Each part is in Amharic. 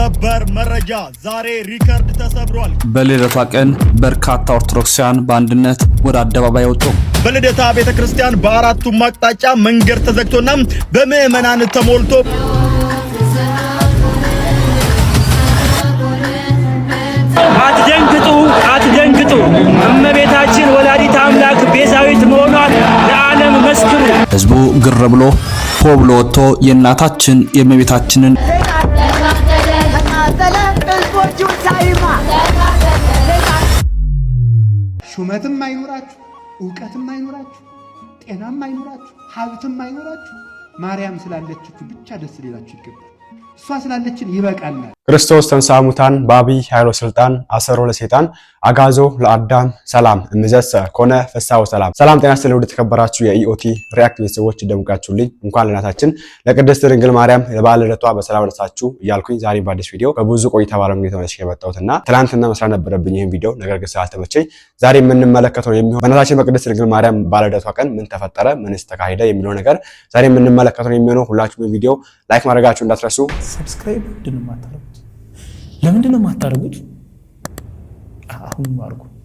ሰበር መረጃ ዛሬ ሪከርድ ተሰብሯል። በልደታ ቀን በርካታ ኦርቶዶክሳውያን በአንድነት ወደ አደባባይ ወጡ። በልደታ ቤተ ክርስቲያን በአራቱም አቅጣጫ መንገድ ተዘግቶና በምዕመናን ተሞልቶ አትደንግጡ፣ አትደንግጡ እመቤታችን ወላዲት አምላክ ቤዛዊት መሆኗን ለዓለም መስክሩ። ህዝቡ ግር ብሎ ሆ ብሎ ወጥቶ የእናታችን የእመቤታችንን ሹመትም ማይኖራችሁ እውቀትም ማይኖራችሁ ጤናም ማይኖራችሁ ሀብትም ማይኖራችሁ ማርያም ስላለችሁ ብቻ ደስ ሊላችሁ ይገባል። እሷ ስላለችን ይበቃናል። ክርስቶስ ተንሥአ እሙታን በአቢይ ኃይሎ ስልጣን አሰሮ ለሰይጣን አጋዞ ለአዳም ሰላም እንዘሰ ኮነ ፍስሐው ሰላም። ሰላም ጤና ስለ ውድ ተከበራችሁ የኢኦቲ ሪአክት ቤተሰቦች እንደምቃችሁልኝ እንኳን ለእናታችን ለቅድስት ድንግል ማርያም ለበዓለ ልደቷ በሰላም አደረሳችሁ እያልኩኝ ዛሬ በአዲስ ቪዲዮ በብዙ ቆይታ ባለሙያ ተመልሼ የመጣሁትና ትናንትና መስራት ነበረብኝ ይህን ቪዲዮ፣ ነገር ግን ስላልተመቸኝ ዛሬ የምንመለከተው የሚሆን በእናታችን በቅድስት ድንግል ማርያም በዓለ ልደቷ ቀን ምን ተፈጠረ፣ ምንስ ተካሄደ የሚለው ነገር ዛሬ የምንመለከተው የሚሆነው ሁላችሁም ቪዲዮ ላይክ ማድረጋችሁ እንዳትረሱ ሰብስክራይብ ምንድን ነው የማታረጉት? ለምንድን ነው የማታረጉት? አሁን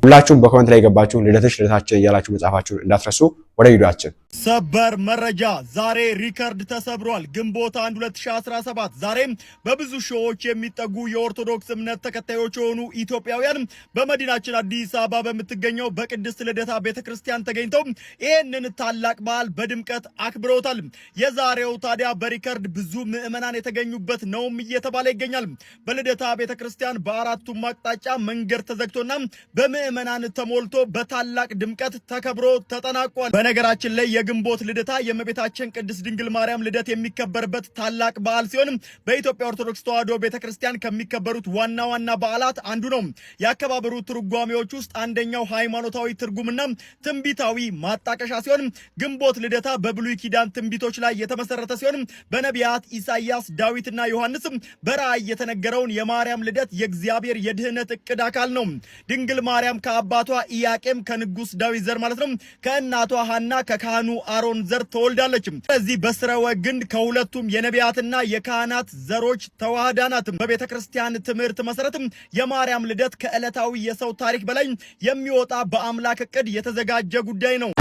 ሁላችሁም በኮመንት ላይ ገባችሁ ልደቶች ልደታችን እያላችሁ መጻፋችሁን እንዳትረሱ። ወደ ቪዲዮአችን ሰበር መረጃ ዛሬ ሪከርድ ተሰብሯል። ግንቦት 1 2017 ዛሬም በብዙ ሺዎች የሚጠጉ የኦርቶዶክስ እምነት ተከታዮች የሆኑ ኢትዮጵያውያን በመዲናችን አዲስ አበባ በምትገኘው በቅድስት ልደታ ቤተክርስቲያን ተገኝተው ይህንን ታላቅ በዓል በድምቀት አክብረውታል። የዛሬው ታዲያ በሪከርድ ብዙ ምዕመናን የተገኙበት ነውም እየተባለ ይገኛል። በልደታ ቤተክርስቲያን በአራቱም አቅጣጫ መንገድ ተዘግቶና በምዕመናን ተሞልቶ በታላቅ ድምቀት ተከብሮ ተጠናቋል። በነገራችን ላይ የግንቦት ልደታ የእመቤታችን ቅድስት ድንግል ማርያም ልደት የሚከበርበት ታላቅ በዓል ሲሆንም በኢትዮጵያ ኦርቶዶክስ ተዋሕዶ ቤተክርስቲያን ከሚከበሩት ዋና ዋና በዓላት አንዱ ነው። የአከባበሩ ትርጓሜዎች ውስጥ አንደኛው ሃይማኖታዊ ትርጉምና ትንቢታዊ ማጣቀሻ ሲሆን ግንቦት ልደታ በብሉይ ኪዳን ትንቢቶች ላይ የተመሰረተ ሲሆን በነቢያት ኢሳይያስ፣ ዳዊትና ዮሐንስም በራእይ የተነገረውን የማርያም ልደት የእግዚአብሔር የድህነት እቅድ አካል ነው። ድንግል ማርያም ከአባቷ ኢያቄም ከንጉስ ዳዊት ዘር ማለት ነው ከእናቷ ከሐና ከካህኑ አሮን ዘር ተወልዳለችም። ስለዚህ በስረወ ግንድ ከሁለቱም የነቢያትና የካህናት ዘሮች ተዋህዳናትም። በቤተ ክርስቲያን ትምህርት መሰረትም የማርያም ልደት ከዕለታዊ የሰው ታሪክ በላይ የሚወጣ በአምላክ እቅድ የተዘጋጀ ጉዳይ ነው።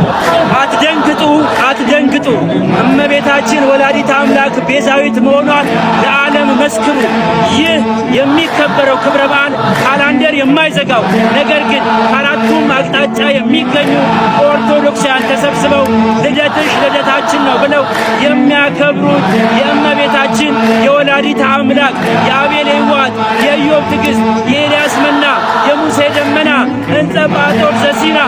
አትደንግጡ፣ አትደንግጡ እመቤታችን ወላዲት አምላክ ቤዛዊት መሆኗን ለዓለም መስክሩ። ይህ የሚከበረው ክብረ በዓል ካላንደር የማይዘጋው ነገር ግን አራቱም አቅጣጫ የሚገኙ ኦርቶዶክሳውያን ተሰብስበው ልደትሽ ልደታችን ነው ብለው የሚያከብሩት የእመቤታችን የወላዲት አምላክ የአቤል ዋት የኢዮብ ትግስት የኤልያስ መና፣ የሙሴ ደመና፣ ዕንጸ ጳጦር ዘሲና፣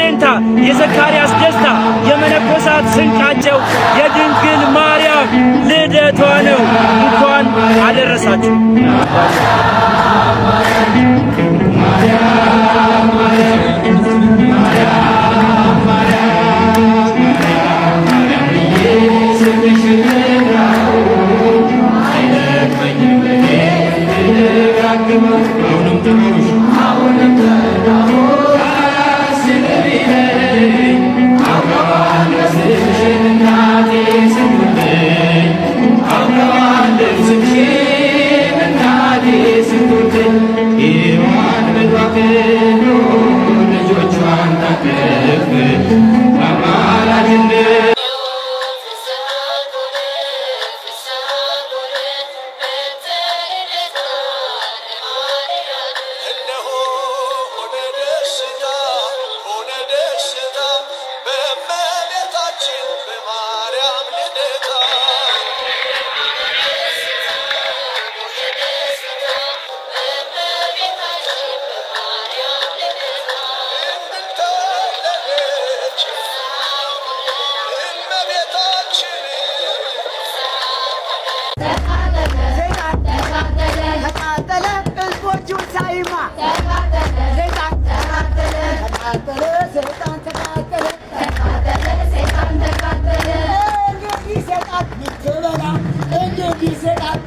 ሌንታ የዘካ ዘካርያስ ደስታ የመነኮሳት ስንቃቸው የድንግል ማርያም ልደቷ ነው። እንኳን አደረሳችሁ። He said,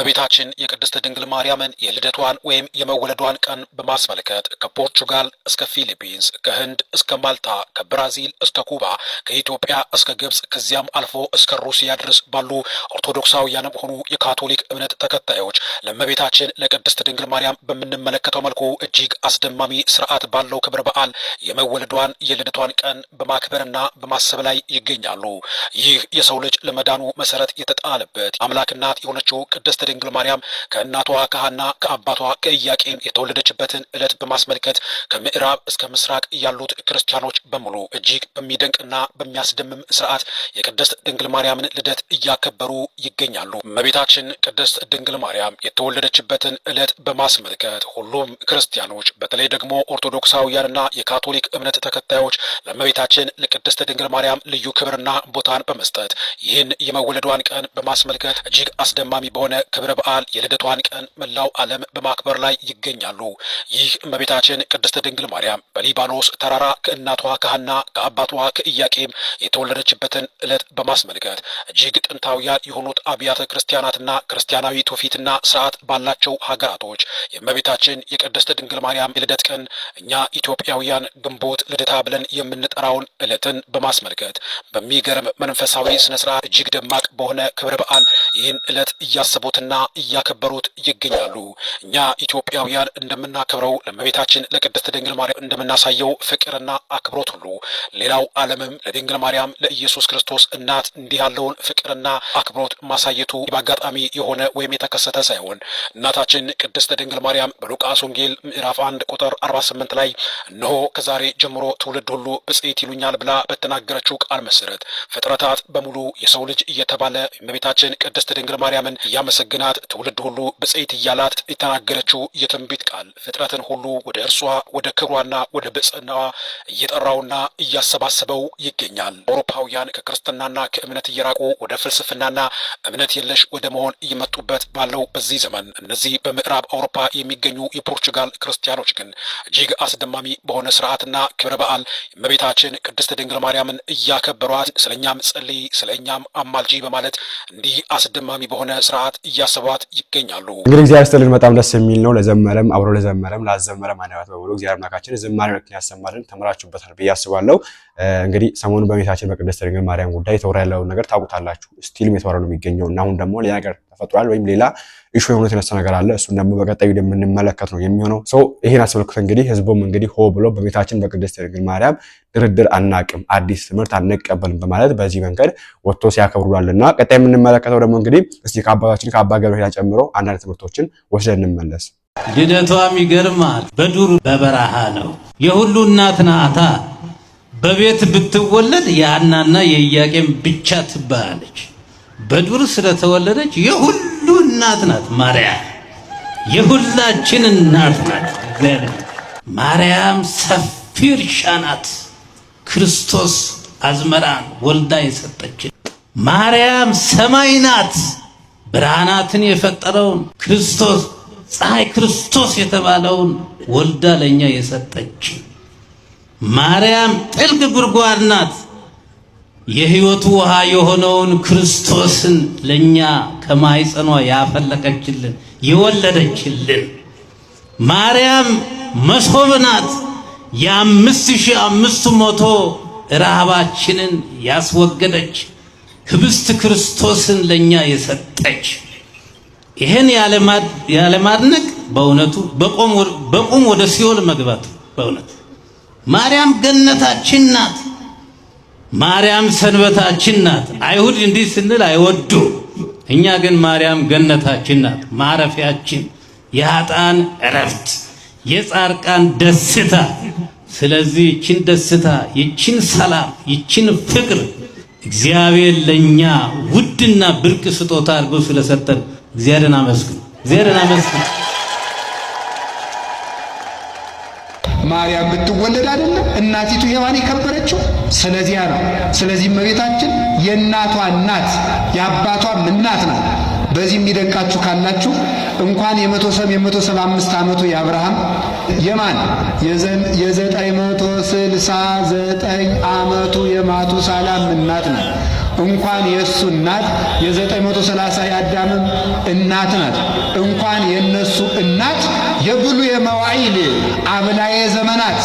የእመቤታችን የቅድስት ድንግል ማርያምን የልደቷን ወይም የመወለዷን ቀን በማስመልከት ከፖርቹጋል እስከ ፊሊፒንስ፣ ከህንድ እስከ ማልታ፣ ከብራዚል እስከ ኩባ፣ ከኢትዮጵያ እስከ ግብፅ፣ ከዚያም አልፎ እስከ ሩሲያ ድረስ ባሉ ኦርቶዶክሳውያንም ሆኑ የካቶሊክ እምነት ተከታዮች ለእመቤታችን ለቅድስት ድንግል ማርያም በምንመለከተው መልኩ እጅግ አስደማሚ ስርዓት ባለው ክብረ በዓል የመወለዷን የልደቷን ቀን በማክበርና በማሰብ ላይ ይገኛሉ። ይህ የሰው ልጅ ለመዳኑ መሰረት የተጣለበት አምላክ እናት የሆነችው ቅድስት ድንግል ማርያም ከእናቷ ከሐና ከአባቷ ከኢያቄም የተወለደ የተወለደችበትን ዕለት በማስመልከት ከምዕራብ እስከ ምስራቅ ያሉት ክርስቲያኖች በሙሉ እጅግ በሚደንቅና በሚያስደምም ስርዓት የቅድስት ድንግል ማርያምን ልደት እያከበሩ ይገኛሉ። እመቤታችን ቅድስት ድንግል ማርያም የተወለደችበትን ዕለት በማስመልከት ሁሉም ክርስቲያኖች በተለይ ደግሞ ኦርቶዶክሳውያንና የካቶሊክ እምነት ተከታዮች ለእመቤታችን ለቅድስት ድንግል ማርያም ልዩ ክብርና ቦታን በመስጠት ይህን የመወለዷን ቀን በማስመልከት እጅግ አስደማሚ በሆነ ክብረ በዓል የልደቷን ቀን መላው ዓለም በማክበር ላይ ይገኛሉ። ይህ እመቤታችን ቅድስት ድንግል ማርያም በሊባኖስ ተራራ ከእናቷ ከሐና ከአባቷ ከኢያቄም የተወለደችበትን ዕለት በማስመልከት እጅግ ጥንታውያን የሆኑት አብያተ ክርስቲያናትና ክርስቲያናዊ ትውፊትና ስርዓት ባላቸው ሀገራቶች የእመቤታችን የቅድስት ድንግል ማርያም የልደት ቀን እኛ ኢትዮጵያውያን ግንቦት ልደታ ብለን የምንጠራውን ዕለትን በማስመልከት በሚገርም መንፈሳዊ ስነ ስርዓት እጅግ ደማቅ በሆነ ክብረ በዓል ይህን ዕለት እያሰቡትና እያከበሩት ይገኛሉ። እኛ ኢትዮጵያውያን እንደ ለምናከብረው ለመቤታችን ለቅድስት ድንግል ማርያም እንደምናሳየው ፍቅርና አክብሮት ሁሉ ሌላው ዓለምም ለድንግል ማርያም ለኢየሱስ ክርስቶስ እናት እንዲህ ያለውን ፍቅርና አክብሮት ማሳየቱ በአጋጣሚ የሆነ ወይም የተከሰተ ሳይሆን እናታችን ቅድስት ድንግል ማርያም በሉቃስ ወንጌል ምዕራፍ አንድ ቁጥር 48 ላይ እነሆ ከዛሬ ጀምሮ ትውልድ ሁሉ ብጽዕት ይሉኛል ብላ በተናገረችው ቃል መሰረት ፍጥረታት በሙሉ የሰው ልጅ እየተባለ እመቤታችን ቅድስት ድንግል ማርያምን እያመሰግናት ትውልድ ሁሉ ብጽዕት እያላት የተናገረችው የትንቢት ቃል ፍጥረትን ሁሉ ወደ እርሷ ወደ ክብሯና ወደ ብጽዕናዋ እየጠራውና እያሰባሰበው ይገኛል። አውሮፓውያን ከክርስትናና ከእምነት እየራቁ ወደ ፍልስፍናና እምነት የለሽ ወደ መሆን እየመጡበት ባለው በዚህ ዘመን እነዚህ በምዕራብ አውሮፓ የሚገኙ የፖርቹጋል ክርስቲያኖች ግን እጅግ አስደማሚ በሆነ ስርዓትና ክብረ በዓል እመቤታችን ቅድስት ድንግል ማርያምን እያከበሯት ስለ እኛም ጸልይ፣ ስለ እኛም አማልጂ በማለት እንዲህ አስደማሚ በሆነ ስርዓት እያሰቧት ይገኛሉ። እንግዲህ እግዚአብሔር ይስጥልን። በጣም ደስ የሚል ነው። ለዘመረም አብሮ ለዘመረም ላዘመረም አንደበት በሙሉ እግዚአብሔር አምላካችን ዝማሬ መልእክትን ያሰማልን። ተምራችሁበታል ብዬ አስባለሁ። እንግዲህ ሰሞኑን በቤታችን በቅድስት ድንግል ማርያም ጉዳይ ተወራ ያለውን ነገር ታውቁታላችሁ። ስቲልም የተወራ ነው የሚገኘው እና አሁን ደግሞ ሌላ ነገር ተፈጥሯል ወይም ሌላ እሹ የሆነ የተነሳ ነገር አለ። እሱን ደግሞ በቀጣዩ የምንመለከት ነው የሚሆነው። ሰው ይህን አስመልክቶ እንግዲህ ህዝቡም እንግዲህ ሆ ብሎ በቤታችን በቅድስት ድንግል ማርያም ድርድር አናቅም፣ አዲስ ትምህርት አንቀበልም በማለት በዚህ መንገድ ወጥቶ ሲያከብሩላልና ቀጣይ የምንመለከተው ደግሞ እንግዲህ እስቲ ከአባታችን ከአባ ገብረ ኪዳን ጨምሮ አንዳንድ ትምህርቶችን ወስደን እንመለስ። ልደቷም ይገርማል። በዱር በበረሃ ነው። የሁሉ እናት ናታ። በቤት ብትወለድ የአናና የኢያቄም ብቻ ትባላለች። በዱር ስለተወለደች የሁሉ እናት ናት ማርያም። የሁላችን እናት ናት ማርያም። ሰፊ እርሻ ናት። ክርስቶስ አዝመራን ወልዳ የሰጠችን ማርያም ሰማይ ናት። ብርሃናትን የፈጠረውን ክርስቶስ ፀሐይ ክርስቶስ የተባለውን ወልዳ ለእኛ የሰጠች ማርያም ጥልቅ ጉድጓድ ናት። የሕይወቱ ውሃ የሆነውን ክርስቶስን ለእኛ ከማይጸኗ ያፈለቀችልን የወለደችልን ማርያም መሶብ ናት። የአምስት ሺህ አምስቱ መቶ ረሃባችንን ያስወገደች ህብስት ክርስቶስን ለእኛ የሰጠች ይሄን ያለማድነቅ በእውነቱ በቁም ወደ ሲኦል መግባት በእውነት ማርያም ገነታችን ናት። ማርያም ሰንበታችን ናት። አይሁድ እንዲህ ስንል አይወዱ። እኛ ግን ማርያም ገነታችን ናት፣ ማረፊያችን፣ የኃጥአን እረፍት፣ የጻርቃን ደስታ። ስለዚህ ይችን ደስታ፣ ይችን ሰላም፣ ይችን ፍቅር እግዚአብሔር ለእኛ ውድና ብርቅ ስጦታ አድርጎ ስለሰጠን እግዚአብሔርን አመስግኑ፣ እግዚአብሔርን አመስግኑ። ማርያም ብትወለድ አይደለም እናቲቱ ሔዋን የከበረችው ስለዚያ ነው። ስለዚህ እመቤታችን የእናቷ እናት የአባቷም እናት ናት። በዚህ የሚደንቃችሁ ካላችሁ እንኳን የመቶ ሰብ የመቶ ሰባ አምስት ዓመቱ የአብርሃም የማን የዘጠኝ መቶ ስልሳ ዘጠኝ ዓመቱ የማቱሳላም እናት ናት። እንኳን የእሱ እናት የ930 የአዳምም እናት ናት። እንኳን የእነሱ እናት የብሉ የመዋዒል አብላዬ ዘመናት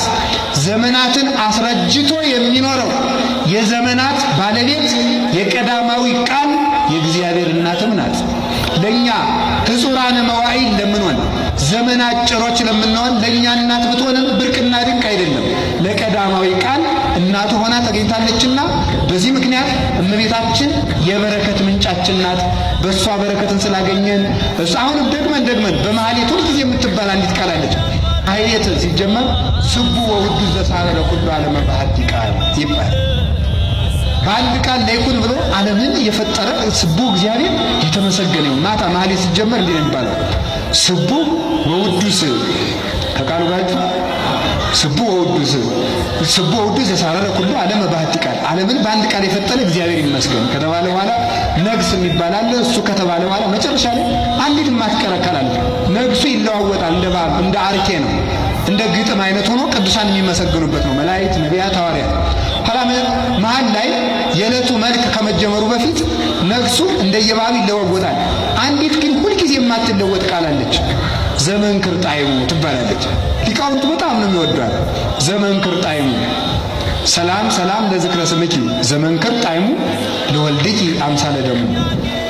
ዘመናትን አስረጅቶ የሚኖረው የዘመናት ባለቤት የቀዳማዊ ቃል የእግዚአብሔር እናትም ናት። ለእኛ ትጹራነ መዋዒል ለምንሆን ዘመናት ጭሮች ለምንሆን ለእኛ እናት ብትሆንም ብርቅና ድንቅ አይደለም። ለቀዳማዊ ቃል እናቱ ሆና ተገኝታለችና በዚህ ምክንያት እመቤታችን የበረከት ምንጫችን ናት። በእሷ በረከትን ስላገኘን እሱ አሁንም ደግመን ደግመን በመሐሌት ጊዜ የምትባል አንዲት ቃል አለች። ማህሌት ሲጀመር ስቡ ወውዱ ዘሳለ ኩሉ ዓለም ባህቲ ቃል ይባል በአንድ ቃል ላይኩን ብሎ ዓለምን የፈጠረ ስቡ እግዚአብሔር የተመሰገነ ይሁን። ማታ ማህሌት ሲጀመር እንዲህ ነው የሚባለው ስቡ ወውዱስ ከቃሉ ጋር ስቡሕ ውዱስ ስቡሕ ውዱስ የሳረረ ኩሉ ዓለም በአሐቲ ቃል ዓለምን በአንድ ቃል የፈጠረ እግዚአብሔር ይመስገን ከተባለ በኋላ ነግስ የሚባል አለ። እሱ ከተባለ በኋላ መጨረሻ ላይ አንዲት የማትቀረቀር አለ። ነግሱ ይለዋወጣል። እንደ ባብ እንደ አርኬ ነው እንደ ግጥም አይነት ሆኖ ቅዱሳን የሚመሰገኑበት ነው። መላእክት፣ ነቢያት፣ ሐዋርያት። ኋላ መሀል ላይ የዕለቱ መልክ ከመጀመሩ በፊት ነግሱ እንደየባሉ ይለዋወጣል። አንዲት ግን ሁልጊዜ የማትለወጥ ቃል አለች። ዘመን ክርጣይሙ ትባላለች። ሊቃውንቱ በጣም ነው የሚወዷት። ዘመን ክርጣይሙ ሰላም ሰላም ለዝክረ ስምኪ ዘመን ክርጣይሙ ለወልድኪ አምሳለ ደሙ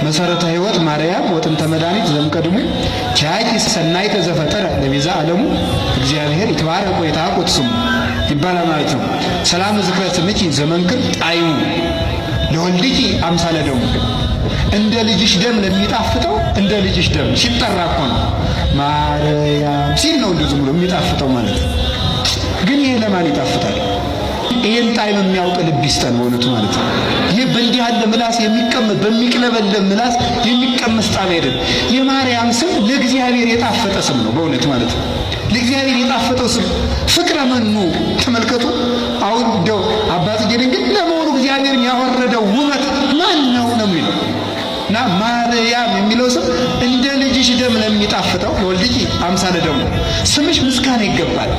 መሰረተ ህይወት ማርያም ወጥንተ መድኃኒት ዘምቀድሙ ኪያኪ ሰናይ ተዘፈጠረ ለቤዛ ዓለሙ እግዚአብሔር ይትባረክ ወይትሃቁት ስሙ ይባላል ማለት ነው። ሰላም ዝክረ ስምኪ ዘመን ክርጣይሙ ለወልድኪ አምሳለ ደሙ እንደ ልጅሽ ደም ነው የሚጣፍጠው። እንደ ልጅሽ ደም ሲጠራ እኮ ነው ማርያም ሲል ነው እንደዚህ ብሎ የሚጣፍጠው ማለት ነው። ግን ይሄ ለማን ይጣፍጣል? ይህን ጣዕም የሚያውቅ ልብ ይስጠን በእውነቱ ማለት ነው። ይህ በእንዲህ ያለ ምላስ የሚቀመስ በሚቅለበለ ምላስ የሚቀመስ ጣዕም አይደለም። የማርያም ስም ለእግዚአብሔር የጣፈጠ ስም ነው በእውነት ማለት ነው። ለእግዚአብሔር የጣፈጠው ስም ፍቅረ መኑ ተመልከቱ። አሁን እንደው አባት ድንግል ለመሆኑ እግዚአብሔርን ያወረደው ውበ እና ማርያም የሚለው ስም እንደ ልጅሽ ደም ነው የሚጣፍጠው። ወልድኪ አምሳለ ደግሞ ስምሽ ምስጋና ይገባል።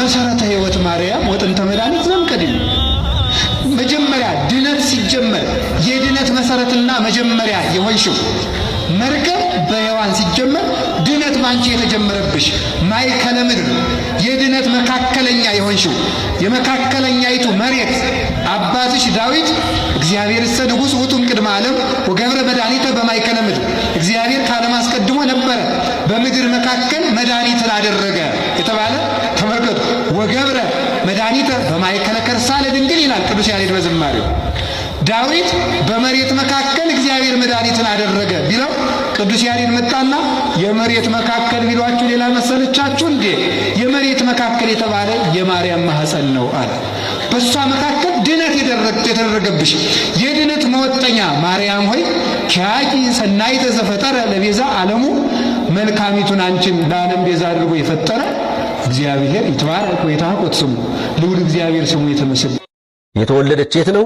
መሰረተ ህይወት ማርያም ወጥንተ መድኃኒት ዘእምቅድም። መጀመሪያ ድነት ሲጀመር የድነት መሰረትና መጀመሪያ የሆንሽው መርከብ በሔዋን ሲጀመር ድነት ባንቺ የተጀመረብሽ ማዕከለ ምድር ነት መካከለኛ የሆንሽው የመካከለኛይቱ መሬት አባትሽ ዳዊት እግዚአብሔር እሰ ንጉሥ ውጡም ቅድመ ዓለም ወገብረ መድኃኒተ በማይከለ ምድር እግዚአብሔር ከዓለም አስቀድሞ ነበረ በምድር መካከል መድኃኒትን አደረገ የተባለ ተመልከቱ። ወገብረ መድኃኒተ በማይከለ ከርሳ ለድንግል ይላል ቅዱስ ያሬድ በዝማሬው ዳዊት በመሬት መካከል እግዚአብሔር መድኃኒትን አደረገ ቢለው ቅዱስ ያሬድ መጣና የመሬት መካከል ቢሏችሁ ሌላ መሰለቻችሁ እንዴ? የመሬት መካከል የተባለ የማርያም ማህፀን ነው አለ። በእሷ መካከል ድነት የተደረገብሽ የድነት መወጠኛ ማርያም ሆይ ኪያቂ ሰናይ ተዘፈጠረ ለቤዛ ዓለሙ መልካሚቱን አንቺን ለዓለም ቤዛ አድርጎ የፈጠረ እግዚአብሔር ይትባረክ ወይታቆት ስሙ ልውድ እግዚአብሔር ስሙ የተመሰገነ የተወለደች የት ነው?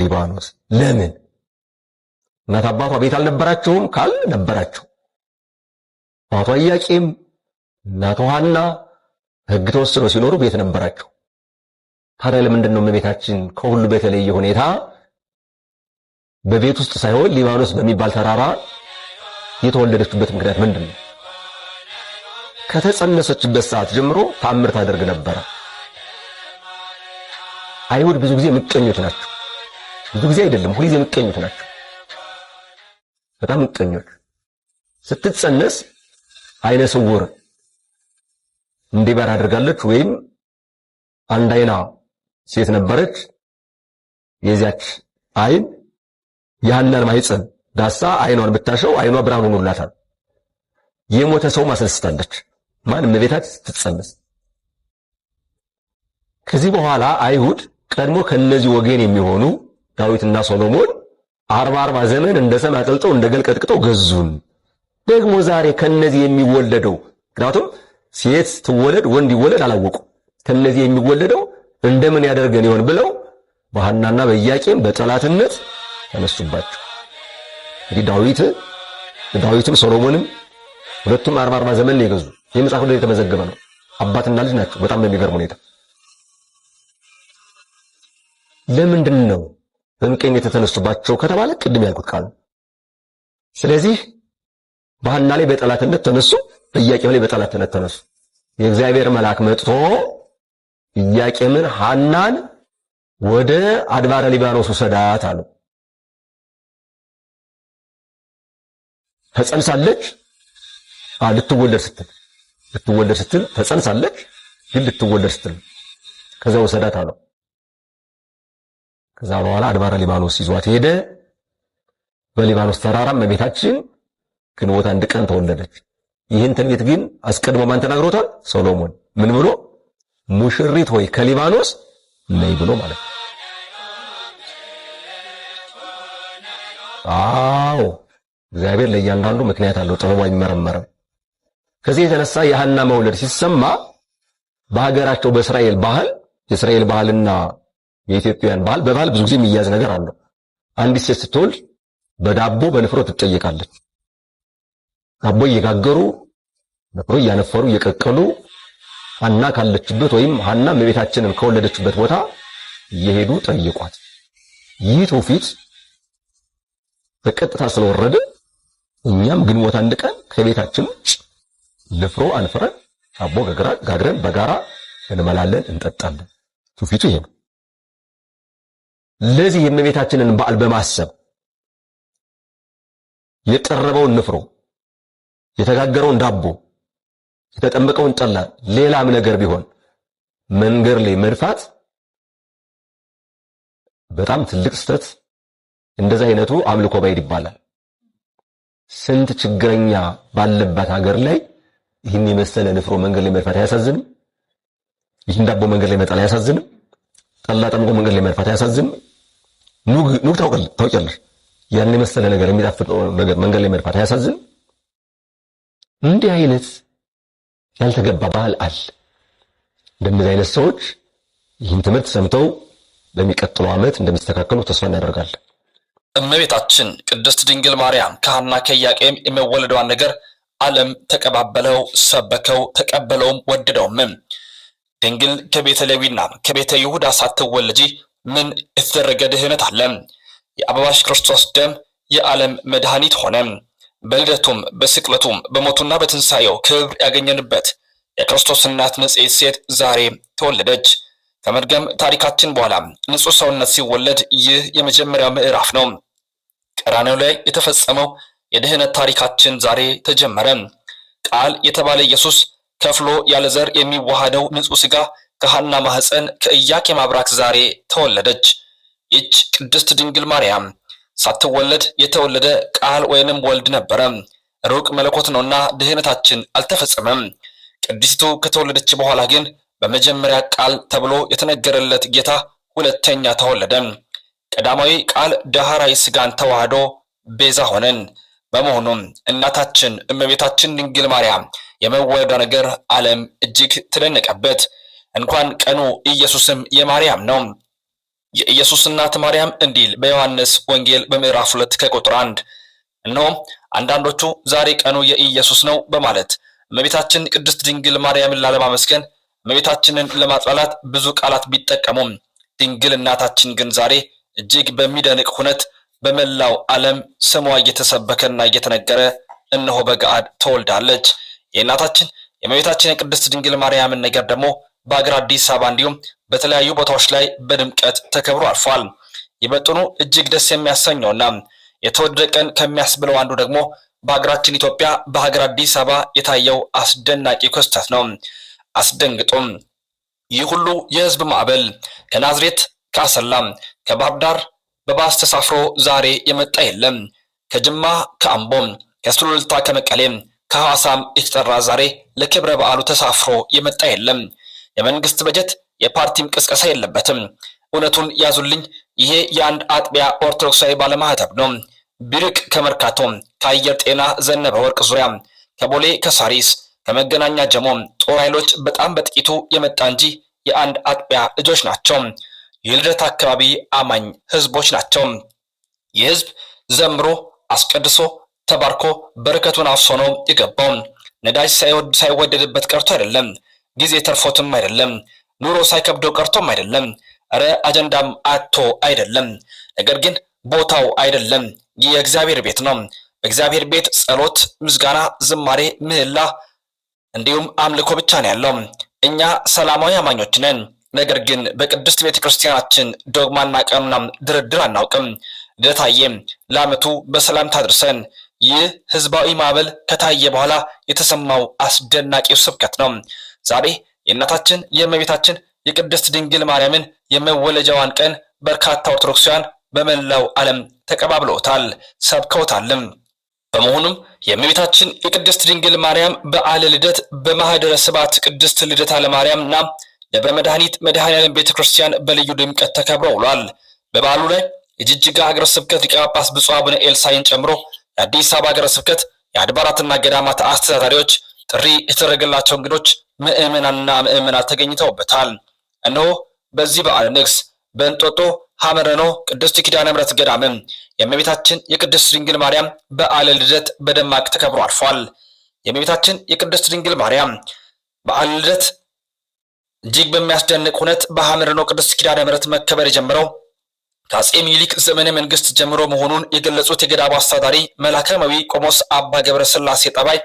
ሊባኖስ። ለምን እናት አባቷ ቤት አልነበራቸውም ካል ነበራቸው። አባቷ ኢያቄም እናቷ ሐና ሕግ ተወስኖ ሲኖሩ ቤት ነበራቸው። ታዲያ ለምንድን ነው እመቤታችን ከሁሉ በተለየ ሁኔታ በቤት ውስጥ ሳይሆን ሊባኖስ በሚባል ተራራ የተወለደችበት ምክንያት ምንድን ነው? ከተጸነሰችበት ሰዓት ጀምሮ ታምር ታደርግ ነበረ። አይሁድ ብዙ ጊዜ ምቀኞች ናቸው። ብዙ ጊዜ አይደለም፣ ሁልጊዜ ምቀኞች ናቸው። በጣም ምቀኞች። ስትጸነስ አይነ ስውር እንዲበር አድርጋለች። ወይም አንድ አይና ሴት ነበረች። የዚያች አይን ያንን ማይጸን ዳሳ አይኗን ብታሸው አይኗ ብርሃን ሆኖላታል። የሞተ ሰው ማስነስታለች። ማንም ቤታት ስትጸነስ ከዚህ በኋላ አይሁድ ቀድሞ ከነዚህ ወገን የሚሆኑ ዳዊትና ሶሎሞን አርባ አርባ ዘመን እንደ ሰም አቅልጠው እንደ ገል ቀጥቅጠው ገዙን። ደግሞ ዛሬ ከነዚህ የሚወለደው ምክንያቱም ሴት ትወለድ ወንድ ይወለድ አላወቁ። ከነዚህ የሚወለደው እንደምን ያደርገን ይሆን ብለው በሐናና በኢያቄም በጠላትነት ተነሱባቸው። እንግዲህ ዳዊት ዳዊትም ሶሎሞንም ሁለቱም አርባ አርባ ዘመን ነው የገዙ። ይህ መጽሐፍ ላይ የተመዘገበ ነው። አባትና ልጅ ናቸው። በጣም በሚገርም ሁኔታ ለምንድን ነው በምቀኝነት የተነሱባቸው ከተባለ ቅድም ያልኩት ቃል ስለዚህ በሐና ላይ በጠላትነት ተነሱ፣ በኢያቄም ላይ በጠላትነት ተነሱ። የእግዚአብሔር መልአክ መጥቶ ኢያቄምን ሐናን ወደ አድባረ ሊባኖስ ውሰዳት አሉ። ተጸንሳለች። ልትወለድ ስትል ልትወለድ ስትል ተጸንሳለች፣ ግን ልትወለድ ስትል ከዛ ውሰዳት አለው። ከዛ በኋላ አድባረ ሊባኖስ ይዟት ሄደ። በሊባኖስ ተራራም እመቤታችን ግንቦት አንድ ቀን ተወለደች። ይህን ትንቢት ግን አስቀድሞ ማን ተናግሮታል? ሶሎሞን ምን ብሎ ሙሽሪት ሆይ ከሊባኖስ ነይ ብሎ ማለት ነው። አዎ እግዚአብሔር ለእያንዳንዱ ምክንያት አለው፣ ጥበቡ አይመረመርም። ከዚህ የተነሳ የሐና መውለድ ሲሰማ በሀገራቸው በእስራኤል ባህል የእስራኤል ባህልና የኢትዮጵያውያን ባህል በባህል ብዙ ጊዜ የሚያዝ ነገር አለው። አንዲት ሴት ስትወልድ በዳቦ በንፍሮ ትጠየቃለች። ዳቦ እየጋገሩ ንፍሮ እያነፈሩ እየቀቀሉ ሀና ካለችበት ወይም ሀና እመቤታችንን ከወለደችበት ቦታ እየሄዱ ጠይቋት። ይህ ትውፊት በቀጥታ ስለወረደ እኛም ግንቦት አንድ ቀን ከቤታችን ውጭ ንፍሮ አንፍረን ዳቦ ጋግረን በጋራ እንመላለን እንጠጣለን። ትውፊቱ ይሄ ነው። ለዚህ የእመቤታችንን በዓል በማሰብ የጠረበውን ንፍሮ፣ የተጋገረውን ዳቦ፣ የተጠመቀውን ጠላ፣ ሌላም ነገር ቢሆን መንገድ ላይ መድፋት በጣም ትልቅ ስህተት፣ እንደዚህ አይነቱ አምልኮ ባይድ ይባላል። ስንት ችግረኛ ባለበት ሀገር ላይ ይህን የመሰለ ንፍሮ መንገድ ላይ መድፋት አያሳዝንም? ይህን ዳቦ መንገድ ላይ መጣል አያሳዝንም? ጠላ ጠምቆ መንገድ ላይ መድፋት አያሳዝንም? ኑግ ኑግ ታውቂያለሽ። ያን የመሰለ ነገር የሚጣፍጥ ነገር መንገድ ላይ መድፋት አያሳዝን? እንዲህ አይነት ያልተገባ ባህል አለ። እንደነዚህ አይነት ሰዎች ይህን ትምህርት ሰምተው በሚቀጥሉ ዓመት እንደሚስተካከሉ ተስፋ እናደርጋለን። እመቤታችን ቅድስት ድንግል ማርያም ከሐና ከኢያቄም የመወለዷን ነገር ዓለም ተቀባበለው፣ ሰበከው፣ ተቀበለውም፣ ወደደውም። ድንግል ከቤተ ሌዊና ከቤተ ይሁዳ ሳትወለጂ ምን የተደረገ ድህነት አለ? የአበባሽ ክርስቶስ ደም የዓለም መድኃኒት ሆነ። በልደቱም በስቅለቱም በሞቱና በትንሣኤው ክብር ያገኘንበት የክርስቶስ እናት ንጽሕት ሴት ዛሬ ተወለደች። ከመድገም ታሪካችን በኋላ ንጹሕ ሰውነት ሲወለድ ይህ የመጀመሪያው ምዕራፍ ነው። ቀራንዮ ላይ የተፈጸመው የድህነት ታሪካችን ዛሬ ተጀመረ። ቃል የተባለ ኢየሱስ ከፍሎ ያለ ዘር የሚዋሃደው ንጹሕ ሥጋ ከሐና ማህፀን ከኢያቄም አብራክ ዛሬ ተወለደች። ይች ቅድስት ድንግል ማርያም ሳትወለድ የተወለደ ቃል ወይንም ወልድ ነበረ፣ ሩቅ መለኮት ነውና ድህነታችን አልተፈጸመም። ቅድስቱ ከተወለደች በኋላ ግን በመጀመሪያ ቃል ተብሎ የተነገረለት ጌታ ሁለተኛ ተወለደ። ቀዳማዊ ቃል ዳህራዊ ስጋን ተዋህዶ ቤዛ ሆነን። በመሆኑም እናታችን እመቤታችን ድንግል ማርያም የመወለዷ ነገር ዓለም እጅግ ተደነቀበት። እንኳን ቀኑ ኢየሱስም የማርያም ነው። የኢየሱስ እናት ማርያም እንዲል በዮሐንስ ወንጌል በምዕራፍ ሁለት ከቁጥር አንድ እነሆ አንዳንዶቹ ዛሬ ቀኑ የኢየሱስ ነው በማለት እመቤታችን ቅድስት ድንግል ማርያምን ላለማመስገን እመቤታችንን ለማጥላላት ብዙ ቃላት ቢጠቀሙም ድንግል እናታችን ግን ዛሬ እጅግ በሚደንቅ ሁነት በመላው ዓለም ስሟ እየተሰበከና እየተነገረ እነሆ በገዓድ ተወልዳለች። የእናታችን የእመቤታችን የቅድስት ድንግል ማርያምን ነገር ደግሞ በአገር አዲስ አበባ እንዲሁም በተለያዩ ቦታዎች ላይ በድምቀት ተከብሮ አልፏል። ይበጥኑ እጅግ ደስ የሚያሰኘውና የተወደደ ቀን ከሚያስብለው አንዱ ደግሞ በሀገራችን ኢትዮጵያ በሀገር አዲስ አበባ የታየው አስደናቂ ክስተት ነው። አስደንግጡም ይህ ሁሉ የህዝብ ማዕበል ከናዝሬት፣ ከአሰላም፣ ከባህር ዳር በባስ ተሳፍሮ ዛሬ የመጣ የለም። ከጅማ፣ ከአምቦም፣ ከሱሉልታ፣ ከመቀሌም፣ ከሐዋሳም የተጠራ ዛሬ ለክብረ በዓሉ ተሳፍሮ የመጣ የለም። የመንግስት በጀት የፓርቲም ቅስቀሳ የለበትም። እውነቱን ያዙልኝ። ይሄ የአንድ አጥቢያ ኦርቶዶክሳዊ ባለማህተብ ነው። ቢርቅ ከመርካቶ፣ ከአየር ጤና ዘነበ ወርቅ ዙሪያ፣ ከቦሌ ከሳሪስ፣ ከመገናኛ ጀሞ ጦር ኃይሎች በጣም በጥቂቱ የመጣ እንጂ የአንድ አጥቢያ ልጆች ናቸው። የልደት አካባቢ አማኝ ህዝቦች ናቸው። የህዝብ ዘምሮ አስቀድሶ ተባርኮ በረከቱን አፍሶ ነው የገባው። ነዳጅ ሳይወደድበት ቀርቶ አይደለም ጊዜ ተርፎትም አይደለም፣ ኑሮ ሳይከብደው ቀርቶም አይደለም፣ ረ አጀንዳም አቶ አይደለም። ነገር ግን ቦታው አይደለም፣ የእግዚአብሔር ቤት ነው። በእግዚአብሔር ቤት ጸሎት፣ ምስጋና፣ ዝማሬ፣ ምህላ እንዲሁም አምልኮ ብቻ ነው ያለው። እኛ ሰላማዊ አማኞች ነን። ነገር ግን በቅድስት ቤተ ክርስቲያናችን ዶግማና ቀኖናም ድርድር አናውቅም። ልደታዬም ለዓመቱ በሰላም ታድርሰን። ይህ ህዝባዊ ማዕበል ከታየ በኋላ የተሰማው አስደናቂው ስብከት ነው። ዛሬ የእናታችን የእመቤታችን የቅድስት ድንግል ማርያምን የመወለጃዋን ቀን በርካታ ኦርቶዶክሳውያን በመላው ዓለም ተቀባብለውታል፣ ሰብከውታልም። በመሆኑም የእመቤታችን የቅድስት ድንግል ማርያም በዓለ ልደት በማህደረ ስብሐት ቅድስት ልደታ እና ደብረ መድኃኒት መድኃኔዓለም ቤተ ክርስቲያን በልዩ ድምቀት ተከብሮ ውሏል። በበዓሉ ላይ የጅጅጋ ሀገረ ስብከት ሊቀ ጳጳስ ብፁዕ አቡነ ኤልሳይን ጨምሮ የአዲስ አበባ ሀገረ ስብከት የአድባራትና ገዳማት አስተዳዳሪዎች ጥሪ የተደረገላቸው እንግዶች ምዕመናንና ምዕመናት ተገኝተውበታል። እነሆ በዚህ በዓለ ንግስ በእንጦጦ ሐመረኖ ቅድስት ኪዳነ ምሕረት ገዳምም የእመቤታችን የቅድስት ድንግል ማርያም በዓለ ልደት በደማቅ ተከብሮ አልፏል። የእመቤታችን የቅድስት ድንግል ማርያም በዓለ ልደት እጅግ በሚያስደንቅ ሁነት በሐመረኖ ቅድስት ኪዳነ ምሕረት መከበር የጀመረው ከአጼ ሚኒሊክ ዘመነ መንግስት ጀምሮ መሆኑን የገለጹት የገዳሙ አስተዳዳሪ መላከማዊ ቆሞስ አባ ገብረ ጠባይ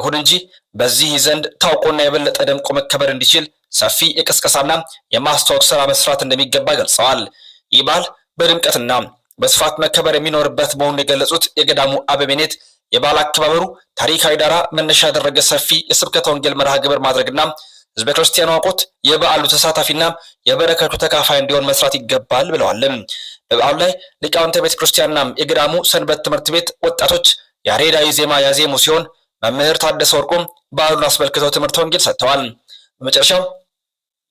ይሁን እንጂ በዚህ ዘንድ ታውቆና የበለጠ ደምቆ መከበር እንዲችል ሰፊ የቅስቀሳና የማስተዋወቅ ስራ መስራት እንደሚገባ ገልጸዋል። ይህ በዓል በድምቀትና በስፋት መከበር የሚኖርበት መሆኑን የገለጹት የገዳሙ አበምኔት የበዓል አከባበሩ ታሪካዊ ዳራ መነሻ ያደረገ ሰፊ የስብከተ ወንጌል መርሃ ግብር ማድረግና ህዝበ ክርስቲያኑ አውቆት የበዓሉ ተሳታፊና የበረከቱ ተካፋይ እንዲሆን መስራት ይገባል ብለዋልም። በበዓሉ ላይ ሊቃውንተ ቤተ ክርስቲያንና የገዳሙ ሰንበት ትምህርት ቤት ወጣቶች ያሬዳዊ ዜማ ያዜሙ ሲሆን መምህር ታደሰ ወርቁ በዓሉን አስመልክተው ትምህርተ ወንጌል ሰጥተዋል። በመጨረሻው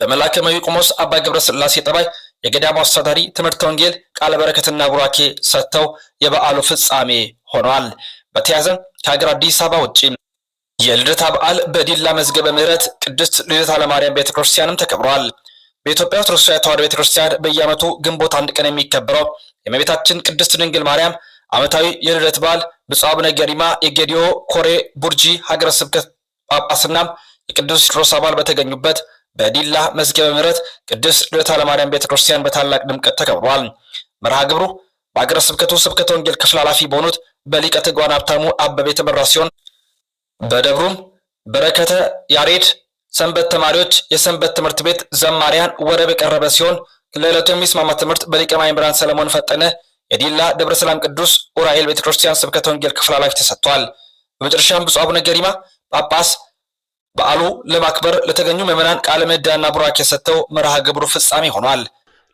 በመልአከ መዊ ቆሞስ አባ ገብረስላሴ ጠባይ የገዳሙ አስተዳዳሪ ትምህርተ ወንጌል ቃለ በረከትና ቡራኬ ሰጥተው የበዓሉ ፍጻሜ ሆኗል። በተያያዘ ከሀገር አዲስ አበባ ውጭ የልደታ በዓል በዲላ መዝገበ ምሕረት ቅድስት ልደታ ለማርያም ቤተክርስቲያንም ተከብሯል። በኢትዮጵያ ኦርቶዶክስ ተዋሕዶ ቤተክርስቲያን በየዓመቱ ግንቦት አንድ ቀን የሚከበረው የእመቤታችን ቅድስት ድንግል ማርያም ዓመታዊ የልደት በዓል ብፁዕ አቡነ ገሪማ የጌዲዮ ኮሬ ቡርጂ ሀገረ ስብከት ጳጳስና የቅዱስ ቴዎድሮስ አባል በተገኙበት በዲላ መዝገበ ምሕረት ቅዱስ ልደታ ለማርያም ቤተክርስቲያን በታላቅ ድምቀት ተከብሯል። መርሃ ግብሩ በሀገረ ስብከቱ ስብከተ ወንጌል ክፍል ኃላፊ በሆኑት በሊቀ ትጓን ሀብታሙ አበበ የተመራ ሲሆን በደብሩም በረከተ ያሬድ ሰንበት ተማሪዎች፣ የሰንበት ትምህርት ቤት ዘማሪያን ወረብ የቀረበ ሲሆን ለዕለቱ የሚስማማ ትምህርት በሊቀ ማእምራን ሰለሞን ፈጠነ የዲላ ደብረ ሰላም ቅዱስ ኡራኤል ቤተክርስቲያን ስብከተ ወንጌል ክፍል ኃላፊ ተሰጥቷል። በመጨረሻም ብፁዕ አቡነ ገሪማ ጳጳስ በዓሉ ለማክበር ለተገኙ ምዕመናን ቃለ ምዕዳንና ቡራኬ ሰጥተው መርሃ ግብሩ ፍጻሜ ሆኗል።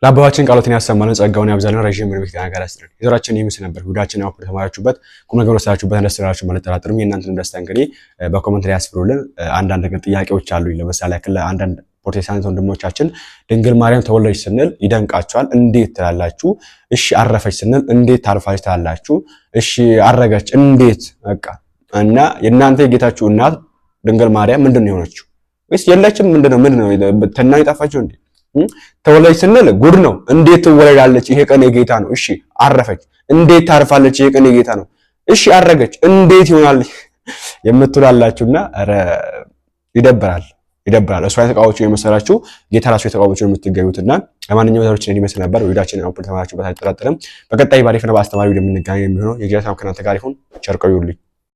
ለአባባችን ቃሎትን ያሰማልን ጸጋውን ያብዛልን ረዥም ዕድሜ ከጤና ጋር ያስጥልን። የዘራችን ይህ ነበር ጉዳችን ያው ተማራችሁበት ቁም ነገር ወሰዳችሁበት ደስ ላችሁ ባልጠራጠርም የእናንተንም ደስታ እንግዲህ በኮመንት ላይ ያስፍሩልን። አንዳንድ ግን ጥያቄዎች አሉኝ ለምሳሌ ያክል አንዳንድ ፕሮቴስታንት ወንድሞቻችን ድንግል ማርያም ተወለደች ስንል ይደንቃቸዋል። እንዴት ትላላችሁ? እሺ አረፈች ስንል እንዴት ታርፋች ትላላችሁ? እሺ አረገች እንዴት በቃ እና የእናንተ የጌታችሁ እናት ድንግል ማርያም ምንድን ነው የሆነችው? ወይስ የለችም? ምንድን ነው ምንድን ነው ተናኝ የጠፋችው እንዴ? ተወለደች ስንል ጉድ ነው። እንዴት ትወለዳለች? ይሄ ቀን የጌታ ነው። እሺ አረፈች፣ እንዴት ታርፋለች? ይሄ ቀን የጌታ ነው። እሺ አረገች፣ እንዴት ይሆናል የምትላላችሁና ኧረ ይደብራል። ይደብራል። እሷ የተቃወመችው የመሰላችሁ ጌታ ራሱ የተቃወመችው የምትገኙት እና ለማንኛውም ዛሬችን ይመስል ነበር። ዊዳችን አፕሎድ ተማራችሁበት አልጠራጠርም። በቀጣይ ባሪፍ ነው በአስተማሪ የምንገናኝ የሚሆነው የጌታ ሰላም ከእናንተ ጋር ይሁን። ቸርቀዩልኝ